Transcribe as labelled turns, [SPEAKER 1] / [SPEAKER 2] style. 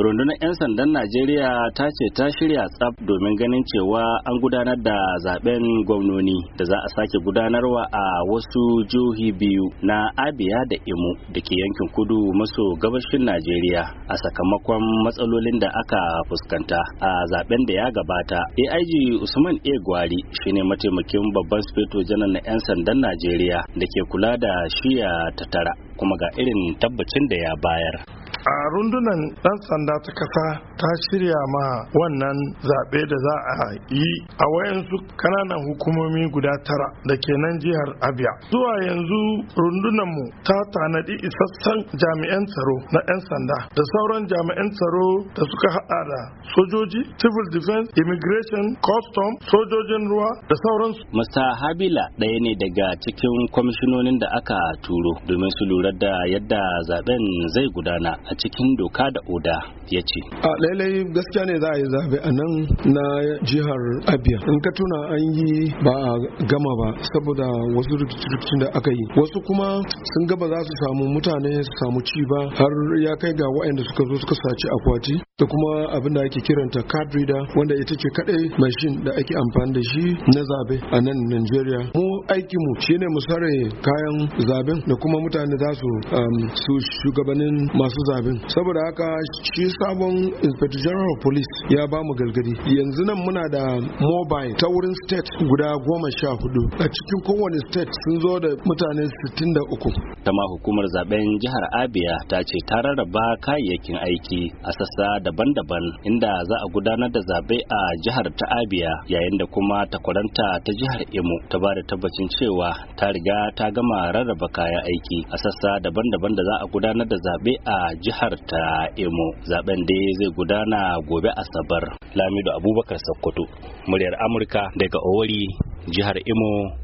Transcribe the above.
[SPEAKER 1] rundunar 'yan sandan najeriya ta ce ta shirya tsaf domin ganin cewa an gudanar da zaben gwamnoni da za a sake gudanarwa a wasu jihohi biyu na abia da imo da ke yankin kudu maso gabashin najeriya a sakamakon matsalolin da aka fuskanta a zaben da ya gabata aig usman a gwari shine mataimakin babban sufeto janar na 'yan sandan najeriya da ke kula da shiya ta tara kuma ga irin tabbacin da ya bayar
[SPEAKER 2] a rundunan ɗan sanda ta kasa ta shirya ma wannan zaɓe da za a yi a wayansu kananan hukumomi guda tara da ke nan jihar abia zuwa yanzu rundunanmu ta tanadi isassan jami'an tsaro na 'yan sanda da sauran jami'an tsaro da suka hada da sojoji civil defense immigration custom sojojin ruwa
[SPEAKER 1] da sauransu mr habila ɗaya ne daga cikin kwamishinonin da aka turo domin su lura da yadda zaben zai gudana a cikin doka da oda ya
[SPEAKER 3] ce lailai gaskiya ne za a yi zabe a nan na jihar abia in ka tuna an yi ba a gama ba saboda wasu rikicin da aka yi wasu kuma sun gaba za su samu mutane su samu ci ba har ya kai ga waɗanda suka zo suka saci akwati da kuma abin da ake kiranta card reader wanda ita ce kadai mashin da ake amfani da shi na zabe a nan nigeria mu aikin mu shine mu sare kayan zaben da kuma mutane za su um, su shugabannin masu zaben saboda haka shi sabon inspector general police ya ba mu galgadi yanzu nan muna da mobile ta wurin state guda goma sha hudu a cikin kowane state sun zo da mutane sittin da 63
[SPEAKER 1] tama hukumar zaben jihar abia ta ce ta rarraba kayayyakin aiki a sassa daban-daban inda za a gudanar da zabe a jihar ta abia yayin da kuma takwaranta ta jihar imo ta ba da tabbaci. bakin cewa ta riga ta gama rarraba kayan aiki a sassa daban-daban da za a gudanar da zaɓe a jihar ta Imo. Zaben dai zai gudana gobe Asabar. Lamido Abubakar Sokoto, muryar Amurka daga Owari, jihar Imo,